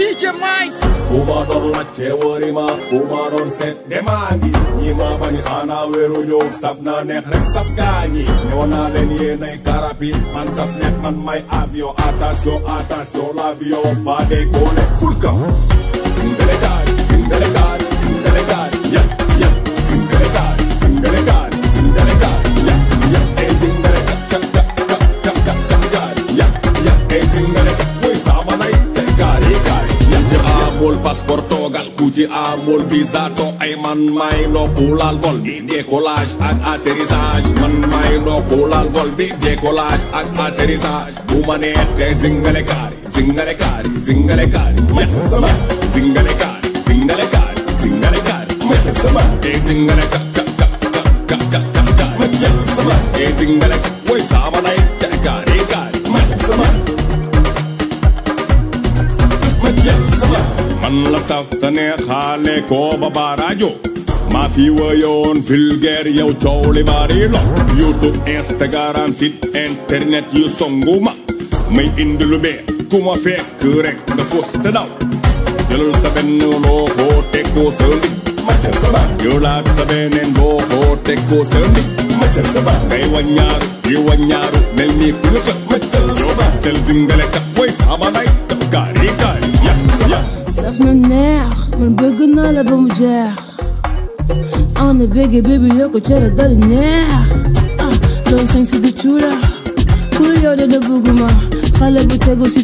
DJ Mike ku ma doon la ceewoori ma ku ma doon seet demaa ngi ñi ma bañ xanaa weeru ñëw saf na neex rek saf gaañi ñoo naa leen yéenay karapi man saf neex man may avion attention attention l'avion va décoller full kaw amul passeport toogal ku ci amul visa to ay man may noppulaal vol bi décollage ak atterrissage man may noppulaal vol bi décollage ak atterrissage bu ma neex kay zingale kaari zingale kaari zingale kaari yàq sama zingale kaari zingale kaari zingale kaari yàq sama e zingale ka ka ka ka ka ka ka yàq sama e zingale ka woy sama nay kaari saf te neexaale ko ba ba rajo maa fi wëyoon vulgaire yow coow li bari lo youtube instagram site internet yu songuma may indi lu bee ku ma fekk rek nga foos te daw jëlal sa benn loxo teg ko sa ndig ma jël sa baa jëlaat sa beneen loxo teg ko sa ndig ma jël sa baa ngay waññaaru di waññaaru mel ni ku la jël ma jël sa baa jël zingale ka boy saaba nay ka gaari gaari saf na neex man bëgg naa la ba mu jeex ana bégge bébi dal neex ah looy sañ si kul yow de da bëgguma xale bu tegu si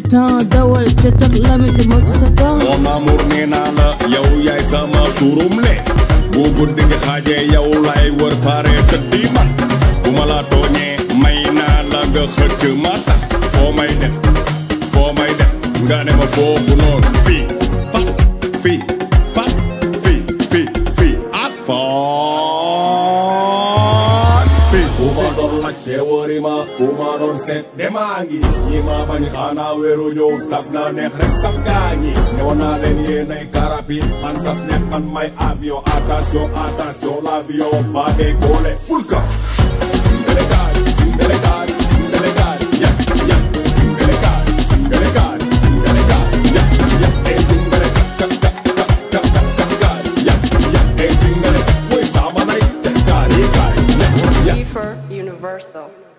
dawal ca tak lamite moytu sa temps moom amour nee la yow yaay sama suurum le bu guddi gi xaajee yow laay wër pare tëddi man bu la tooñee may naa la nga xëcc ma foo may def foo may def nga ne ma foofu noonu fii kuma doon laajte wari ma kuma doon seet demaa ngi ñi ma bañ xanaa weeru ñëw saf na neex rek saf gaa ñi newoon naa leen yéenay man saf neex man may avion attention attention l'avion va décoller fulka though.